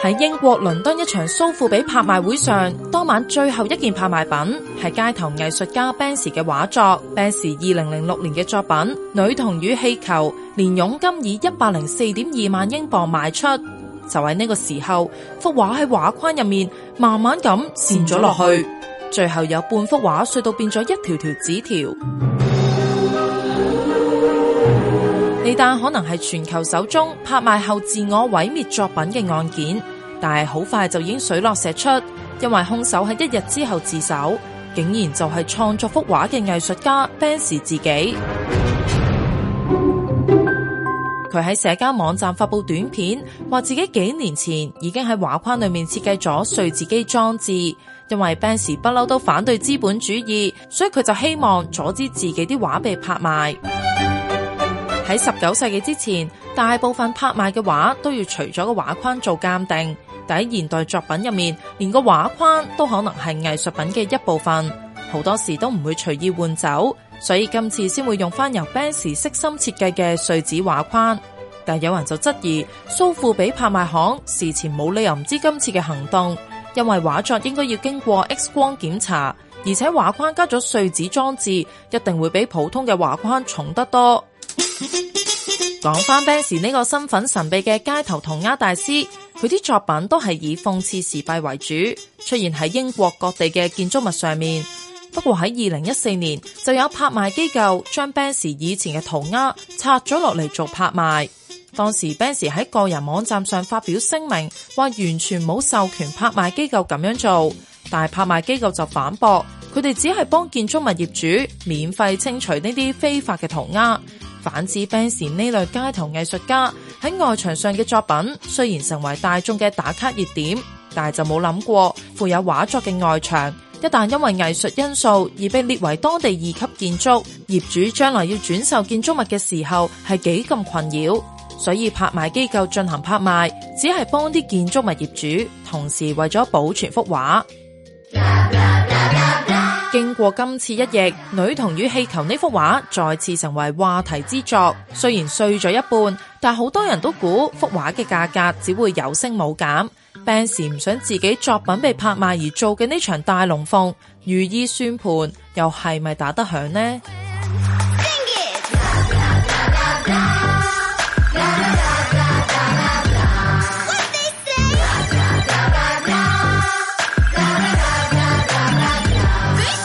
喺英國倫敦一場蘇富比拍賣會上，當晚最後一件拍賣品係街頭藝術家 Banksy 嘅畫作，Banksy 二零零六年嘅作品《女童與氣球》，連佣金以一百零四點二萬英鎊賣出。就喺呢個時候，幅畫喺畫框入面慢慢咁散咗落去，最後有半幅畫碎到變咗一條條紙條。地但可能係全球首宗拍賣後自我毀滅作品嘅案件，但係好快就已經水落石出，因為兇手喺一日之後自首，竟然就係創作幅畫嘅藝術家 Banksy 自己。佢喺社交網站發佈短片，話自己幾年前已經喺畫框裏面設計咗碎紙機裝置，因為 Banksy 不嬲都反對資本主義，所以佢就希望阻止自己啲畫被拍賣。喺十九世紀之前，大部分拍賣嘅畫都要除咗個畫框做鑑定。但喺現代作品入面，連個畫框都可能係藝術品嘅一部分，好多時都唔會隨意換走，所以今次先會用翻由 Banksy 悉心設計嘅碎紙畫框。但有人就質疑蘇富比拍賣行事前冇理由唔知今次嘅行動，因為畫作應該要經過 X 光檢查，而且畫框加咗碎紙裝置，一定會比普通嘅畫框重得多。講翻，Banksy 呢個身份神秘嘅街頭塗鴉大師，佢啲作品都係以諷刺時弊為主，出現喺英國各地嘅建築物上面。不過喺二零一四年，就有拍賣機構將 Banksy 以前嘅塗鴉拆咗落嚟做拍賣。當時 Banksy 喺個人網站上發表聲明，話完全冇授權拍賣機構咁樣做，但係拍賣機構就反駁，佢哋只係幫建築物業主免費清除呢啲非法嘅塗鴉。反指 Banksy 呢類街頭藝術家喺外牆上嘅作品，雖然成為大眾嘅打卡熱點，但係就冇諗過，富有畫作嘅外牆一旦因為藝術因素而被列為當地二級建築，業主將來要轉售建築物嘅時候係幾咁困擾。所以拍賣機構進行拍賣，只係幫啲建築物業主，同時為咗保存幅畫。 經過今次一役，女童與氣球呢幅畫再次成為話題之作。雖然碎咗一半，但好多人都估幅畫嘅價格只會有升冇減。Banksy 唔想自己作品被拍賣而做嘅呢場大龍鳳，如意算盤又係咪打得響呢？